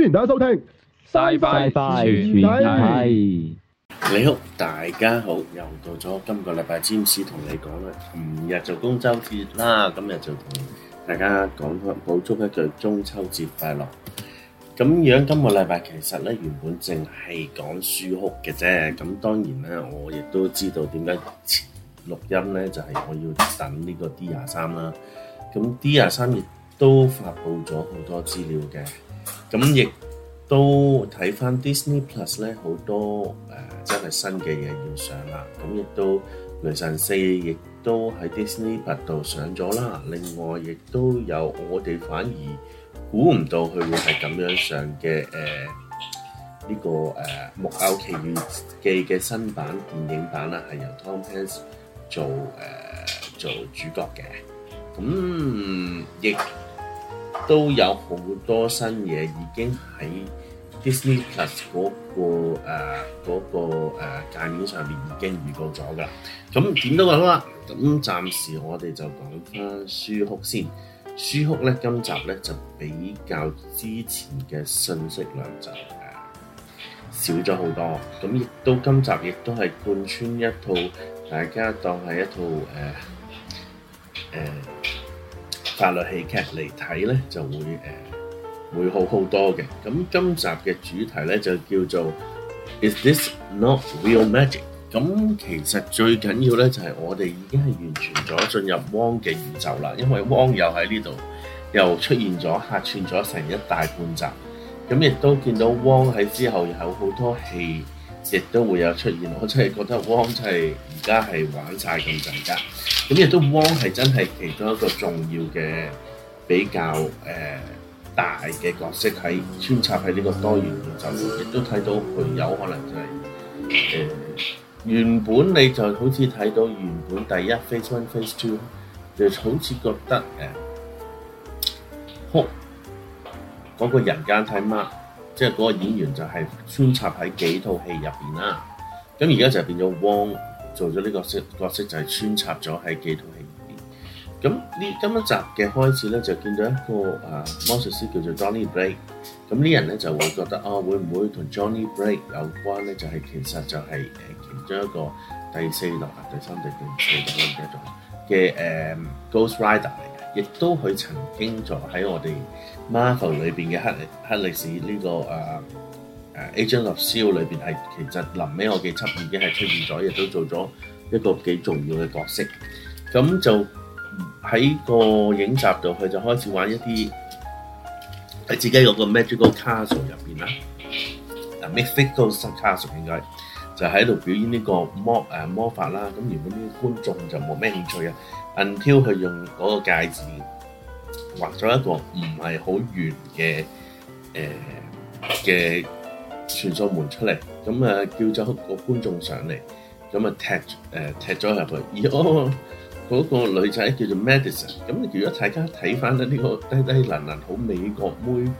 歡迎大家收聽，拜拜拜拜，拜，你好，大家好，又到咗今個禮拜，James 同你講啦，琴日，就中秋節啦，今日就同大家講補足一句中秋節快樂。咁樣今個禮拜其實咧原本淨係講 She-Hulk 嘅啫，咁當然啦，我亦都知道點解錄音咧就係、是、我要等呢個 D 廿三啦，咁 D 廿三亦都發佈咗好多資料嘅。咁亦都睇翻 Disney Plus 咧，好多誒、呃、真係新嘅嘢要上啦。咁亦都《雷神四》亦都喺 Disney Plus 度上咗啦。另外亦都有我哋反而估唔到佢會係咁樣上嘅誒呢個誒、呃《木偶奇遇記》嘅新版電影版啦，係由 Tom Hanks 做誒、呃、做主角嘅。咁亦。都有好多新嘢已經喺 Disney Plus 嗰個誒嗰、啊嗰個誒、啊、介面上面已經預告咗㗎。咁點都好啦。咁暫時我哋就講翻書庫先。書庫咧，今集咧就比較之前嘅信息量就、啊、少咗好多。咁亦都今集亦都係貫穿一套，大家當係一套誒誒。啊啊法律戲劇嚟睇咧就會誒、呃、會好好多嘅。咁今集嘅主題咧就叫做 Is this not real magic？咁其實最緊要咧就係我哋已經係完全咗進入汪嘅宇宙啦，因為汪又喺呢度又出現咗客串咗成一大半集，咁亦都見到汪喺之後有好多戲。亦都會有出現，我真係覺得汪真係而家係玩曬咁滯，咁亦都汪係真係其中一個重要嘅比較誒大嘅角色喺穿插喺呢個多元宇宙，亦都睇到佢有可能就係誒原本你就好似睇到原本第一 Phase One, Phase Two 就好似覺得誒，嗰個人間太乜。即係嗰個演員就係穿插喺幾套戲入邊啦。咁而家就變咗 Wong 做咗呢個角色就係穿插咗喺幾套戲入邊。咁呢今一集嘅開始咧就見到一個啊魔術師叫做 Johnny Blaze 咁啲人咧就會覺得啊會唔會同 Johnny Blaze 有關咧？就係其實就係誒其中一個第四代啊第三代定第四代嘅誒 Ghost Rider。亦都佢曾經在喺我哋 Marvel 裏邊嘅黑黑歷史呢、這個啊啊、uh, Agent of Shield 裏邊係其實臨尾我幾輯已經係出現咗，亦都做咗一個幾重要嘅角色。咁就喺個影集度，佢就開始玩一啲喺自己嗰個 Magical Castle 入邊啦，嗱 Mythical Castle 應該就喺度表演呢個魔誒魔法啦。咁原本啲觀眾就冇咩興趣啊。Ken 挑佢用嗰個戒指畫咗一個唔係好圓嘅誒嘅傳送門出嚟，咁啊叫咗個觀眾上嚟，咁啊踢誒踢咗入去。而嗰個嗰個女仔叫做 Madison。咁如果大家睇翻咧呢個低低能能好美國妹，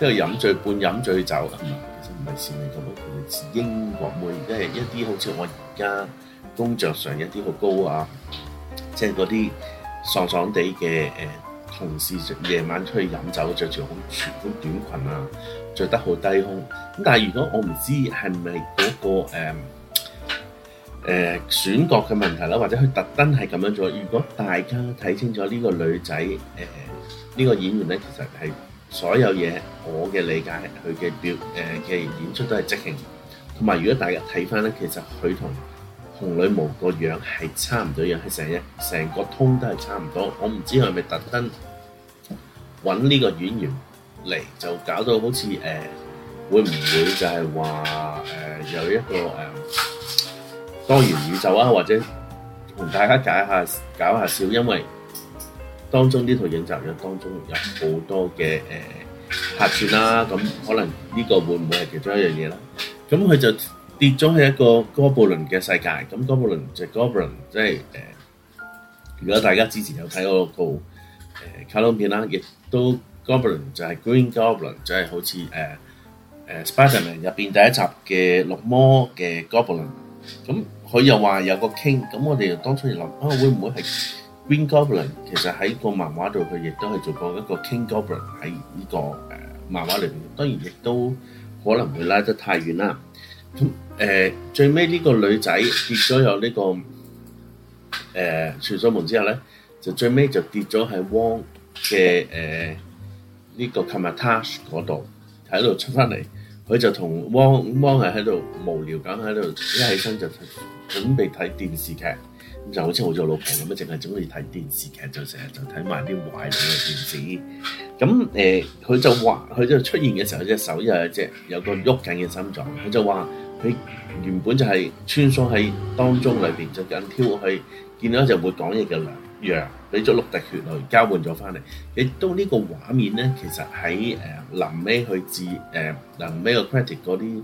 即係飲醉半飲醉酒啊，其實唔係似美國妹，係英國妹，即係一啲好似我而家工作上一啲好高啊。即係嗰啲爽爽地嘅誒同事，夜晚出去飲酒，著住好全款短裙啊，著得好低胸。咁但係如果我唔知係咪嗰個誒誒選角嘅問題啦，或者佢特登係咁樣做。如果大家睇清楚呢個女仔誒呢個演員咧，其實係所有嘢我嘅理解，佢嘅表誒嘅演出都係即興。同埋如果大家睇翻咧，其實佢同。同女巫樣是是個樣係差唔多樣，係成日成個通都係差唔多。我唔知佢係咪特登搵呢個演員嚟，就搞到好似誒、呃，會唔會就係話誒有一個誒、呃、多元宇宙啊，或者同大家解下搞下笑，因為當中呢套影集入當中有好多嘅誒、呃、客串啦、啊，咁可能呢個會唔會係其中一樣嘢啦？咁佢就。跌中係一個 Goblin 嘅世界，咁 Goblin 就係 Goblin，即係誒。如果大家之前有睇嗰個誒卡通片啦，亦都 Goblin 就係 Green Goblin，就係好似誒誒 Spiderman 入邊第一集嘅綠魔嘅 Goblin。咁佢又話有個 King，咁我哋當初又諗啊，會唔會係 Green Goblin？其實喺個漫畫度，佢亦都係做過一個 King Goblin 喺呢個誒漫畫裏邊。當然亦都可能會拉得太遠啦。咁、嗯、誒、呃、最尾呢個女仔跌咗有、這個呃、呢個誒廁所門之後咧，就最尾就跌咗喺汪嘅誒呢個 Kamar-Taj 嗰度喺度出翻嚟，佢就同汪汪係喺度無聊噉喺度，一起身就準備睇電視劇，就好似好做老婆咁啊，淨係中意睇電視劇，就成日就睇埋啲壞嘅電視。咁誒佢就話，佢就出現嘅時候隻手又有隻有個喐緊嘅心臟，佢就話。原本就係穿梭喺當中裏邊，就咁挑去見到一隻會講嘢嘅羊，俾咗六滴血嚟交換咗翻嚟。亦都呢個畫面咧，其實喺誒臨尾去至誒臨尾個 credit 嗰啲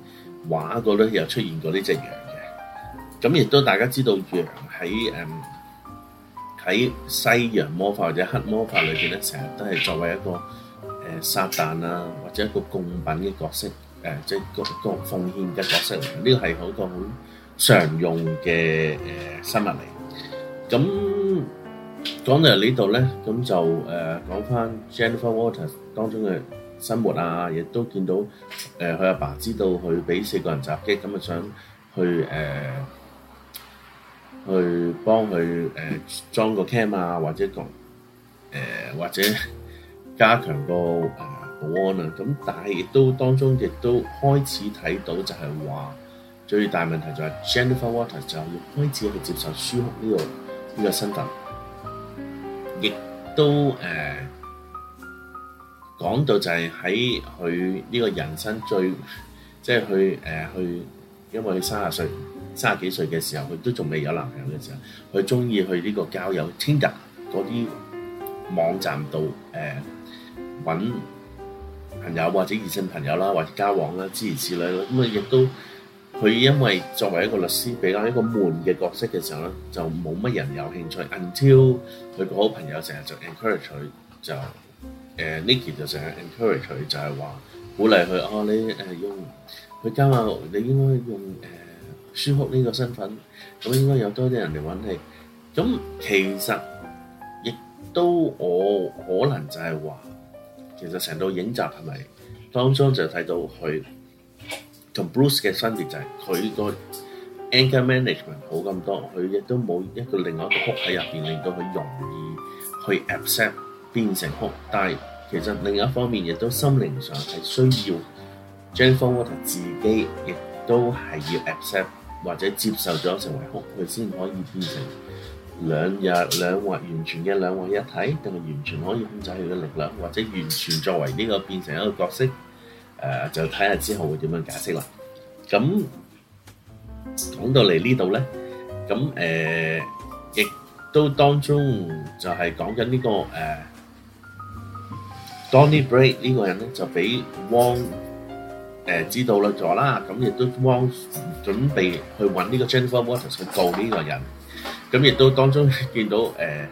畫嗰度又出現過呢隻羊嘅。咁亦都大家知道羊喺誒喺西洋魔法或者黑魔法裏邊咧，成日都係作為一個誒撒旦啊或者一個貢品嘅角色。誒即係個個奉獻嘅角色嚟，呢個係一個好常用嘅誒新聞嚟。咁講到嚟呢度咧，咁就誒講返 Jennifer Walters 當中嘅生活啊，亦都見到誒佢阿爸知道佢俾四個人襲擊，咁啊想去誒去幫佢誒裝個 cam 啊，或者同誒或者加強個誒。窩啦，咁但係亦都當中亦都開始睇到就係話最大問題就係 Jennifer Walters 就要開始去接受舒克呢、這個呢、這個身份，亦都誒講、呃、到就係喺佢呢個人生最即係去誒去，因為佢卅歲卅幾歲嘅時候，佢都仲未有男朋友嘅時候，佢中意去呢個交友 Tinder 嗰啲網站度誒揾。呃朋友或者異性朋友啦，或者交往啦，諸如此類啦，咁啊亦都佢因為作為一個律師比較一個悶嘅角色嘅時候咧，就冇乜人有興趣。Until 佢個好朋友成日就 encourage 佢，就誒 Niki 就成日 encourage 佢，就係、是、話鼓勵佢哦，你誒、呃、用佢加下，你應該用誒、呃、舒服呢個身份，咁應該有多啲人嚟揾你。咁其實亦都我可能就係話。其實成套影集係咪當初就睇到佢同 Bruce 嘅分別就係佢個 anger management 好咁多，佢亦都冇一個另外一個 Hulk 喺入邊令到佢容易去 accept 變成 Hulk，但係其實另一方面亦都心靈上係需要 Jennifer Walters 自己亦都係要 accept 或者接受咗成為 Hulk，佢先可以變成。兩日兩或完全嘅兩位一體，定係完全可以控制佢嘅力量，或者完全作為呢個變成一個角色？誒，就睇下之後會點樣解釋啦。咁講到嚟呢度咧，咁誒亦都當中就係講緊呢個誒 Donny Blaze 呢個人咧，就俾 Wong 誒知道咗啦。咁亦都 Wong 準備去揾呢個 Jennifer Walters 去告呢個人。咁亦都當中見到誒、呃、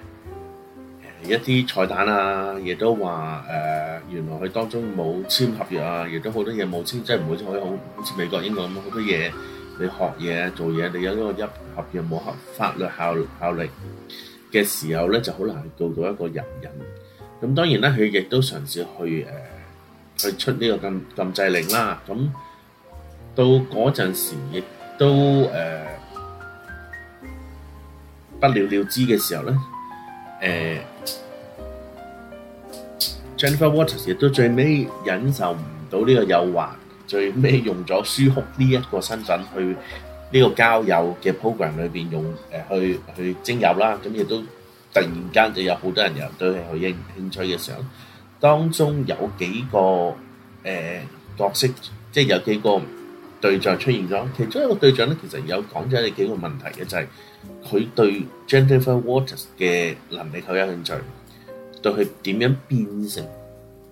一啲彩蛋啊，亦都話誒、呃、原來佢當中冇簽合約啊，亦都好多嘢冇簽，即係唔會好好似美國英國咁好多嘢，你學嘢做嘢，你有呢個一合約冇合法律效效力嘅時候咧，就好難去做到一個人人。咁當然啦，佢亦都嘗試去誒、呃、去出呢個禁禁制令啦。咁到嗰陣時亦都誒。呃不了了之嘅時候咧，誒 Jennifer Walters 亦都最尾忍受唔到呢個誘惑，最尾用咗 She-Hulk 呢一個身份去呢個交友嘅 program 裏邊用誒去去徵友啦，咁亦都突然間就有好多人又對佢有興興趣嘅時候，當中有幾個誒角色，即係有幾個。對象出現咗，其中一個對象咧，其實有講咗你幾個問題嘅，就係、是、佢對 Jennifer Walters 嘅能力好有興趣，對佢點樣變成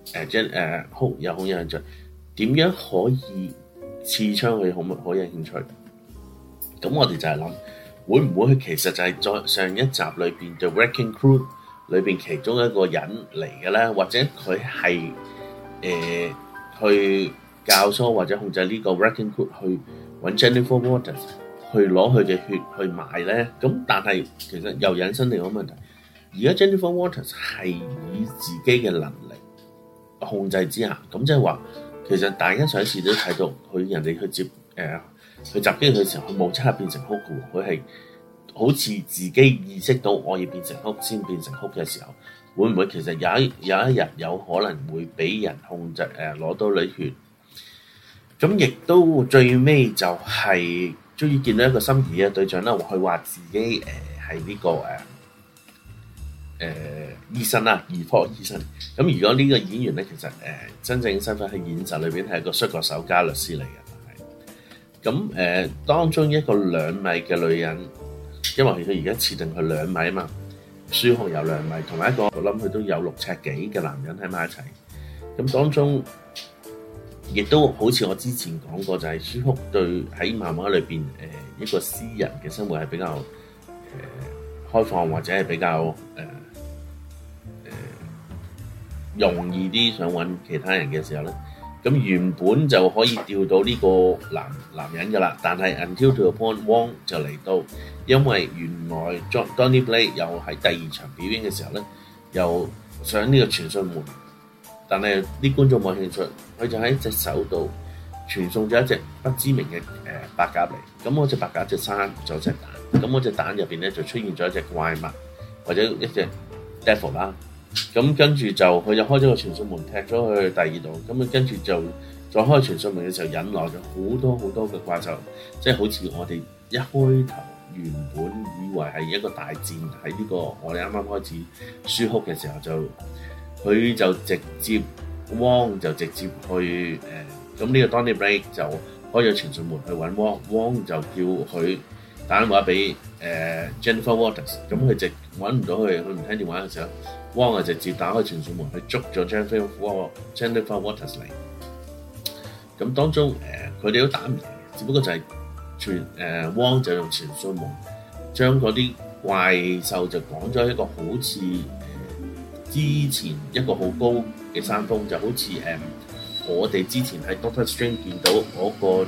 誒誒好有好有興趣，點樣可以刺槍佢好好有興趣。咁我哋就係諗，會唔會佢其實就係在上一集裏邊 The Wrecking Crew 裏邊其中一個人嚟嘅咧，或者佢係誒去，呃教唆或者控制呢個 Wrecking Crew 去揾 Jennifer Waters 去攞佢嘅血去賣咧，咁但係其實又引申另個問題，而家 Jennifer Waters 係以自己嘅能力控制之下，咁即係話其實大家上一次都睇到佢人哋去接誒去，呃、襲擊佢嘅時候，佢冇即刻變成 Hulk 嘅，佢係好似自己意識到我要變成 Hulk 先變成 Hulk 嘅時候，會唔會其實有一有一日有可能會俾人控制誒攞，呃、到你血？咁亦都最尾就係終於見到一個心儀嘅對象啦！佢話自己誒係呢個誒誒醫生啦，兒科醫生。咁如果呢個演員咧，其實誒、呃、真正身份喺現實裏邊係一個摔角手家律師嚟嘅，咁誒、呃、當中一個兩米嘅女人，因為佢而家設定佢兩米嘛，舒紅有兩米，同埋一個我諗佢都有六尺幾嘅男人喺埋一齊，咁當中。亦都好似我之前講過就係、是、She-Hulk 對，喺漫畫裏邊誒、呃、一個私人嘅生活係比較誒、呃、開放，或者係比較誒誒、呃呃、容易啲想揾其他人嘅時候咧，咁原本就可以釣到呢個男男人噶啦，但係 until to the point, Wong 就嚟到，因為原來 John Donnie Blake 又係第二場表演嘅時候咧，又上呢個傳送門。但係啲觀眾冇興趣，佢就喺隻手度傳送咗一隻不知名嘅誒、呃、白鴿嚟。咁嗰隻白鴿就生咗隻蛋，咁嗰隻蛋入邊咧就出現咗一隻怪物或者一隻 devil 啦。咁跟住就佢就開咗個傳送門踢咗去第二度。咁啊跟住就再開傳送門嘅時候引來咗、就是、好多好多嘅怪獸，即係好似我哋一開頭原本以為係一個大戰喺呢、這個我哋啱啱開始舒哭嘅時候就。佢就直接汪就直接去誒，咁、呃、呢個 Donny Blaze 就開咗傳送門去揾汪，汪就叫佢打電話俾誒、呃、Jennifer Walters，咁佢直揾唔到佢，佢唔聽電話嘅時候，汪就直接打開傳送門去捉咗 Jennifer, Jennifer Walters 嚟。咁當中佢哋、呃、都打唔嚟，只不過就係汪、呃、就用傳送門將嗰啲怪獸就講咗一個好似。之前一個好高嘅山峰，就好似誒我哋之前喺 Doctor Strange 見到嗰個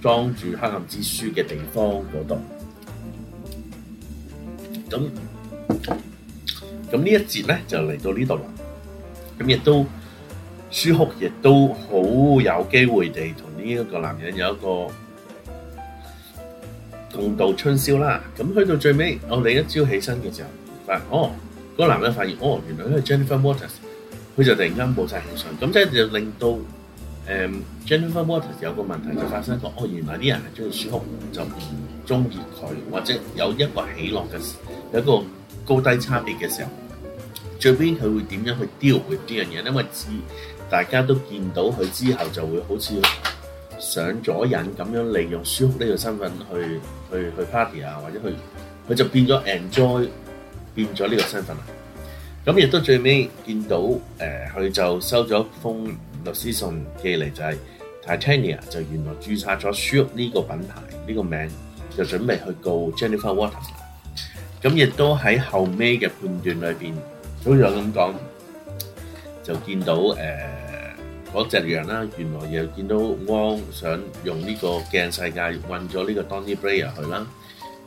裝住黑暗之書嘅地方嗰度。咁咁呢一節咧就嚟到呢度啦。咁亦都 She-Hulk 亦都好有機會地同呢一個男人有一個共度春宵啦。咁去到最尾，我哋一朝起身嘅時候，發、啊、現哦。嗰、那個、男人發現，哦，原來呢係 Jennifer Waters，佢就突然間冇曬自信，咁即係就令到誒、嗯、Jennifer Waters 有個問題就發生咗。哦，原來啲人係中意舒克，就唔中意佢，或者有一個起落嘅時，有一個高低差別嘅時候，最尾佢會點樣去 deal with 呢樣嘢？因為自大家都見到佢之後，就會好似上咗癮咁樣利用舒克呢個身份去去去 party 啊，或者去佢就變咗 enjoy。變咗呢個身份啊！咁亦都最尾見到誒，佢就收咗封律師信寄嚟，就係 Titania 就原來註冊咗 She-Hulk 呢個品牌呢個名，就準備去告 Jennifer Walters。咁亦都喺後尾嘅判斷裏邊，好似我咁講，就見到誒嗰隻羊啦，原來又見到汪想用呢個鏡世界運咗呢個 Donny Blaze 去啦。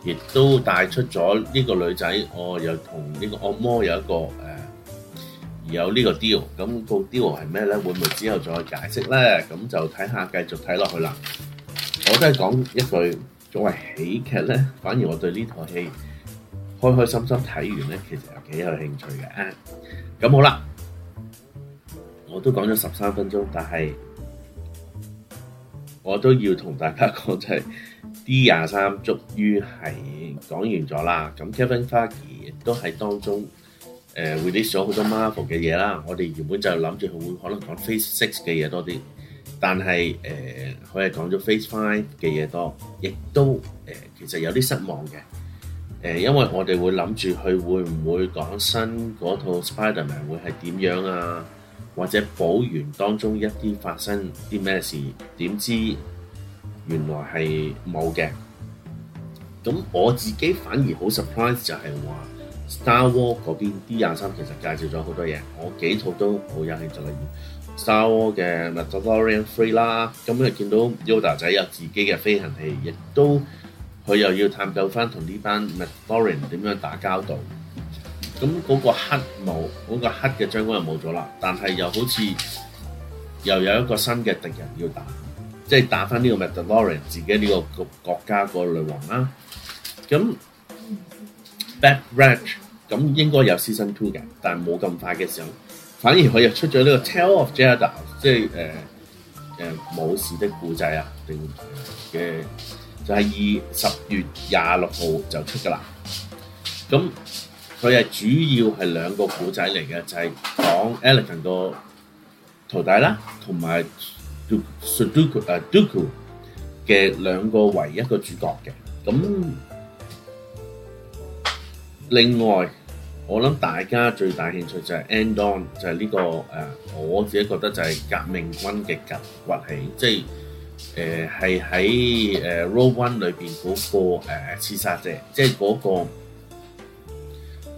亦都帶出咗呢個女仔，我又同呢個按摩有一個誒、呃，有這個那那個是呢個 Deal。咁個 Deal 係咩咧？會唔會之後再解釋咧？咁就睇下，繼續睇落去啦。我都係講一句，作為喜劇咧，反而我對呢套戲開開心心睇完咧，其實係幾有興趣嘅。咁好啦，我都講咗十三分鐘，但係我都要同大家講就係、是。D 廿三終於係講完咗啦，咁 Kevin Feige 亦都喺當中誒 release 咗好多 Marvel 嘅嘢啦。我哋原本就諗住佢會可能講 Phase Six 嘅嘢多啲，但係誒佢係講咗 Phase Five 嘅嘢多，亦都誒、呃、其實有啲失望嘅。誒、呃，因為我哋會諗住佢會唔會講新嗰套 Spider-Man 會係點樣啊，或者補完當中一啲發生啲咩事，點知？原來係冇嘅，咁我自己反而好 surprise 就係話《Star Wars》嗰邊 D23 其實介紹咗好多嘢，我幾套都好有，有興趣。例如《Star Wars》嘅《The Mandalorian Free》啦，咁你見到 Yoda 仔有自己嘅飛行器，亦都佢又要探究翻同呢班《The Mandalorian 點樣打交道。咁嗰個黑冇，嗰、嗰個黑嘅將軍又冇咗啦，但係又好似又有一個新嘅敵人要打。即係打翻呢個 Mandalorian 自己呢個國國家個女王啦，咁 Bad Batch 咁應該有 Season Two 嘅，但係冇咁快嘅時候，反而佢又出咗呢個 Tales of the Jedi，即係誒誒武士的故仔啊，定嘅、呃、就係二十月廿六號就出噶、就是、啦。咁佢係主要係兩個故仔嚟嘅，就係講 Elegant 個徒弟啦，同埋。叫 Shaduko 嘅兩個唯一個主角嘅，咁另外我諗大家最大興趣就係 End On 就係呢個誒，我自己覺得就係革命軍嘅崛起，即係誒係喺誒 Rogue One 裏邊嗰個誒刺殺者，即係嗰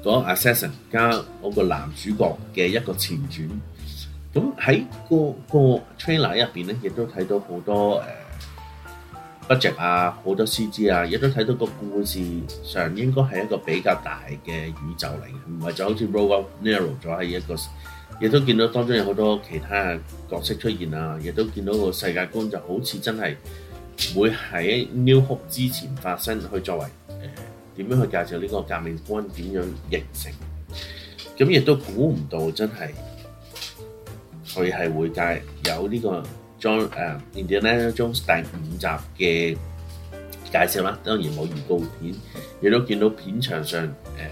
個講 Assassin 加嗰個男主角嘅一個前傳。咁喺個個 trailer 入邊咧，亦都睇到好多誒 budget 啊，好多 CG 啊，亦都睇到個故事上應該係一個比較大嘅宇宙嚟嘅，唔係就好似 roll up narrow 咗喺一個，亦都見到當中有好多其他嘅角色出現啊，亦都見到個世界觀就好似真係會喺 New Hope 之前發生，去作為誒點樣去介紹呢個革命軍點樣形成，咁亦都估唔到真係。佢係會介有呢個《John 誒、uh, Indiana Jones》第五集嘅介紹啦，當然冇預告片，亦都見到片場上誒、呃、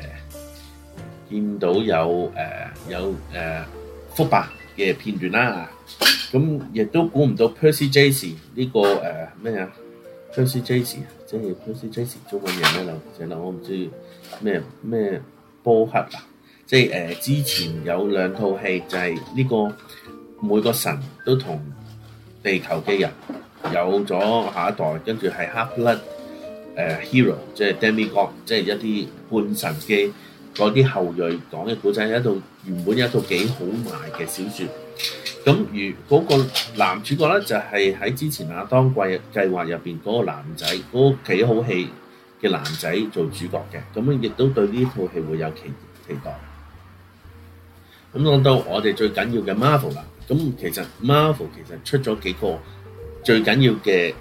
見到有誒、呃、有誒福伯嘅片段啦。咁亦都估唔到 Percy Jase 呢個誒咩啊 Percy Jase 即係 Percy Jase 做緊嘢咩路？正路我唔知咩咩波客啊！即係誒、呃、之前有兩套戲，就係、是、呢、這個每個神都同地球嘅人有咗下一代，跟住係黑不甩誒 Hero，即係 Demigod，即係一啲半神嘅嗰啲後裔講嘅古仔，一套原本有一套幾好賣嘅小說。咁如嗰個男主角咧，就係、是、喺之前阿當計劃入邊嗰個男仔，嗰、那個幾好戲嘅男仔做主角嘅，咁啊亦都對呢套戲會有期期待。咁講到我哋最緊要嘅 Marvel 啦，咁其實 Marvel 其實出咗幾個最緊要嘅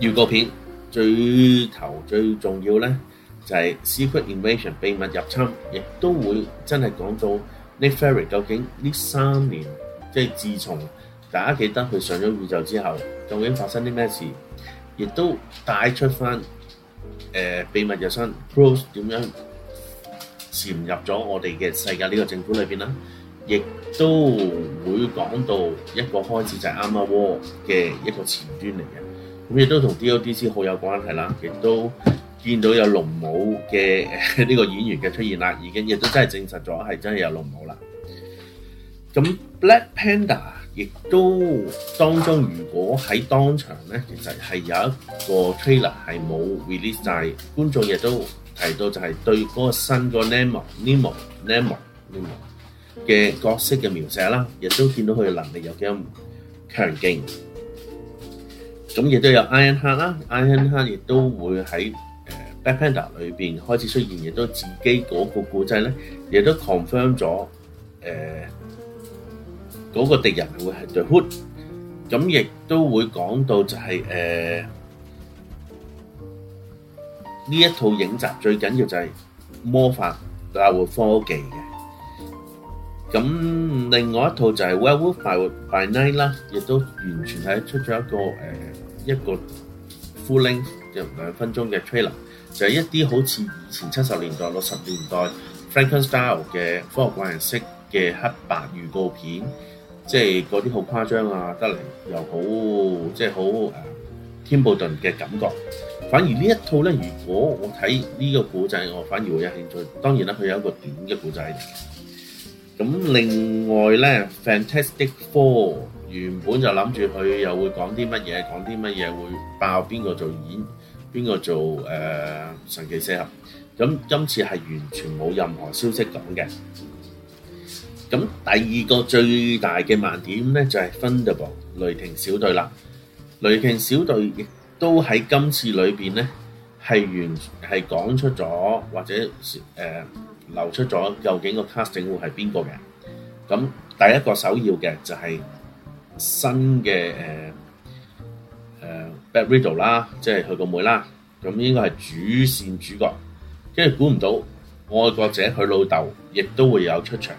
誒預告片，最頭最重要咧就係、是、Secret Invasion 秘密入侵，亦都會真係講到 Nick Fury 究竟呢三年，即係自從大家記得佢上咗宇宙之後，究竟發生啲咩事，亦都帶出翻誒、呃、秘密入侵 p r o s 點樣。潛入咗我哋嘅世界呢個政府裏邊啦，亦都會講到一個開始就係 Armor Wars 嘅一個前端嚟嘅，咁亦都同 DODC 好有關係啦，亦都見到有龍母嘅呢個演員嘅出現啦，已經亦都真係證實咗係真係有龍母啦。咁 Black Panther 亦都當中，如果喺當場咧，其實係有一個 trailer 係冇 release 晒，觀眾亦都。提到就係對嗰個新個 Nemo、Nemo、Nemo、Nemo 嘅角色嘅描寫啦，亦都見到佢嘅能力有幾咁強勁。咁亦都有 Ironheart 啦，Ironheart 亦都會喺誒 Backpanda 裏邊開始出現，亦都自己嗰個故仔咧，亦都 confirm 咗誒嗰個敵人會係 The Hood。咁亦都會講到就係誒。呢一套影集最緊要就係魔法加護科技嘅，咁另外一套就係《Werewolf by Night》啦，亦都完全係出咗一個誒一個 full length 就兩分鐘嘅 trailer，就係一啲好似以前七十年代、六十年代 Frankenstein 嘅科學怪人式嘅黑白預告片，即係嗰啲好誇張啊得嚟，又好即係好 Tim Burton 嘅感覺。反而呢一套咧，如果我睇呢個古仔，我反而會有興趣。當然啦，佢有一個點嘅古仔。咁另外咧，《Fantastic Four》原本就諗住佢又會講啲乜嘢，講啲乜嘢會爆邊個做演，邊個做誒神奇四俠。咁今次係完全冇任何消息講嘅。咁第二個最大嘅盲點咧，就係《Thunderbolts》雷霆小隊啦，《雷霆小隊》。都喺今次裏邊咧，係完全係講出咗，或者誒、呃、流出咗究竟個 casting 會係邊個嘅？咁第一個首要嘅就係新嘅誒誒、呃呃、bad riddle 啦，即係佢個妹啦。咁、嗯、應該係主線主角，跟住估唔到愛國者佢老豆亦都會有出場。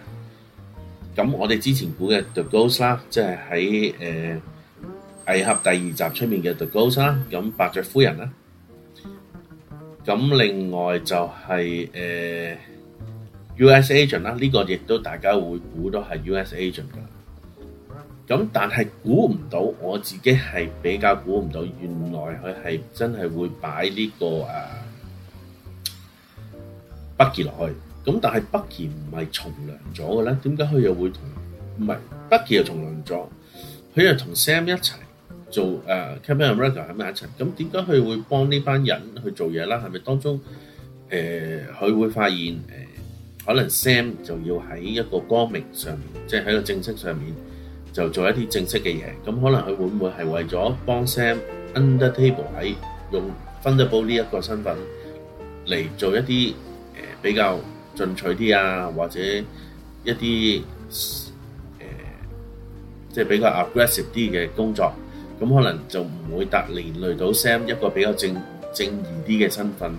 咁我哋之前估嘅 The Ghost 啦，即係喺誒。呃蟻俠第二集出面嘅 Ghost，咁伯爵夫人啦，咁另外就係誒 U.S.Agent 啦，呢個亦都大家會估到係 U.S.Agent 噶。咁但係估唔到，我自己係比較估唔到，原來佢係真係會擺呢個誒北杰落去。咁但係北杰唔係從良咗嘅咧？點解佢又會同唔係北杰又從良咗？佢又同 Sam 一齊。做誒 campaign worker 咁一層，咁點解佢會幫呢班人去做嘢啦？係咪當中誒佢會發現誒，可能 Sam 就要喺一個光明上面，即係喺個正式上面就做一啲正式嘅嘢。咁可能佢會唔會係為咗幫 Sam under table 喺用 fundable 呢一個身份嚟做一啲誒比較進取啲啊，或者一啲誒即係比較 aggressive 啲嘅工作？咁可能就唔會特連累到 Sam 一個比較正正義啲嘅身份。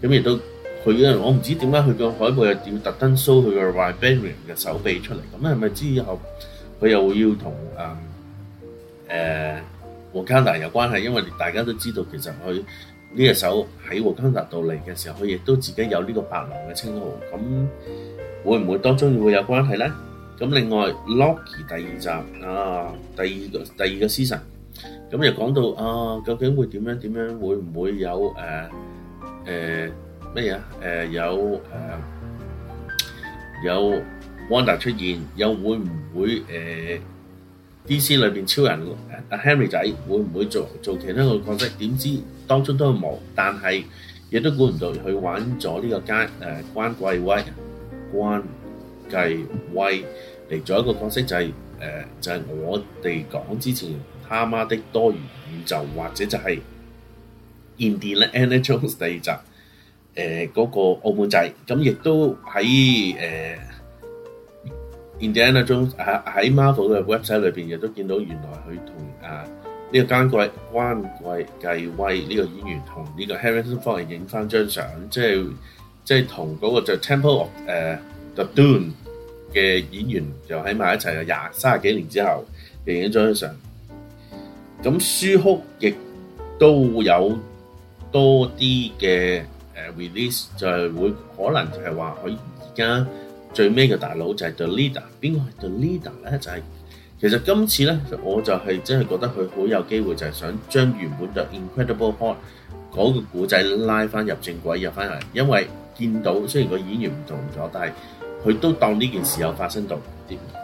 咁亦都佢咧，我唔知點解佢個海報又要特登 show 佢個 Vibranium 嘅手臂出嚟。咁係咪之後佢又會要同誒誒 Wakanda 有關係？因為大家都知道其實佢呢隻手喺 Wakanda 度嚟嘅時候，佢亦都自己有呢個白狼嘅稱號。咁會唔會當中會有關係咧？咁另外 Loki 第二集啊，第二個第二個 s e 咁又講到啊，究竟會點樣點樣？會唔會有誒誒咩嘢啊？誒有誒有 Wonder 出現，又會唔會誒 DC 裏邊超人阿 Henry 仔會唔會做做其他個角色？點知當中都係冇，但係亦都估唔到佢揾咗呢個關誒關繼威關繼威嚟做一個角色，就係誒就係我哋講之前。哈嘛的多元宇宙，或者就係 Indiana Jones 第二集，誒、呃那個澳門仔，咁亦都喺誒 Indiana Jones 喺喺 Marvel 嘅 website 裏邊，亦都見到原來佢同啊呢、這個關貴關貴繼威呢個演員同呢個 Harrison Ford 影翻張相，即係即係同、那個就 Temple of 誒、啊、The Doom 嘅演員就喺埋一齊廿三十幾年之後影咗張相。咁 She-Hulk 亦都有多啲嘅誒 release，就係會可能就係話佢而家最尾嘅大佬就係 The Leader，邊個係 The Leader 咧？就係、是、其實今次咧，我就係真係覺得佢好有機會，就係想將原本嘅 Incredible Hulk 嗰、那個故仔拉翻入正軌，入翻嚟，因為見到雖然個演員唔同咗，但係佢都當呢件事有發生到。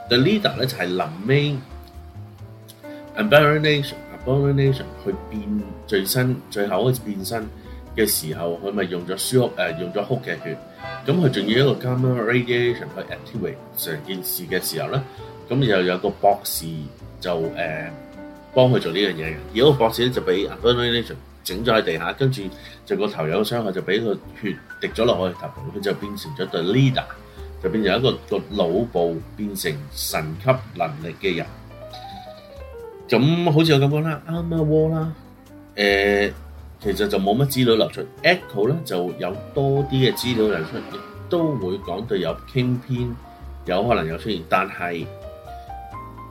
The Leader 咧就係臨尾。Abomination，Abomination 去 Abomination，變最新最後開始變身嘅時候，佢咪用咗舒屋誒、呃、用咗哭嘅血，咁佢仲要一個 Gamma radiation 去 activate 成件事嘅時候咧，咁又有一個博士就誒、呃、幫佢做呢樣嘢嘅，而嗰個博士咧就俾 Abomination 整咗喺地下，跟住就個頭有個傷害，就俾個血滴咗落去頭，佢就變成咗個 leader，就變成一個一個腦部變成神級能力嘅人。咁好似有咁講啦，啱啱窩啦，誒、呃、其實就冇乜資,資料流出 Echo 咧就有多啲嘅資料流出，都會講到有傾篇，有可能有出現，但係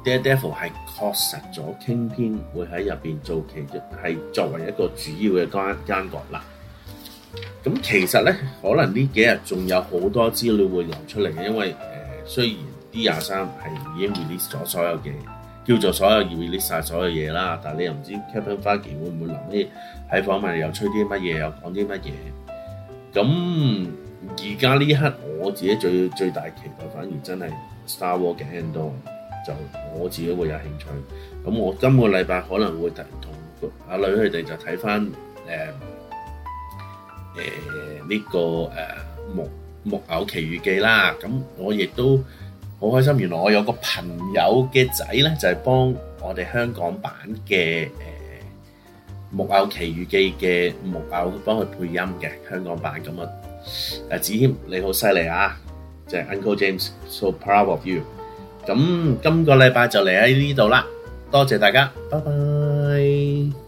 Daredevil 係確實咗傾篇，會喺入邊做其中，係作為一個主要嘅關關角啦。咁其實咧，可能呢幾日仲有好多資料會流出嚟嘅，因為誒、呃、雖然 D23 係已經 release 咗所有嘅。叫做所有要 release 曬所有嘢啦，但係你又唔知 Kevin Feige 會唔會臨呢？喺訪問又吹啲乜嘢，又講啲乜嘢？咁而家呢一刻，我自己最最大期待反而真係 Star Wars 嘅 ending 就我自己會有興趣。咁我今個禮拜可能會突然同阿女佢哋就睇翻誒誒呢個誒、呃、木木偶奇遇記啦。咁我亦都。好開心！原來我有個朋友嘅仔咧，就係幫我哋香港版嘅《誒木偶奇遇記》嘅木偶幫佢配音嘅香港版咁啊！阿子謙你好犀利啊！就係 Uncle James，so proud of you！咁今個禮拜就嚟喺呢度啦，多謝大家，拜拜。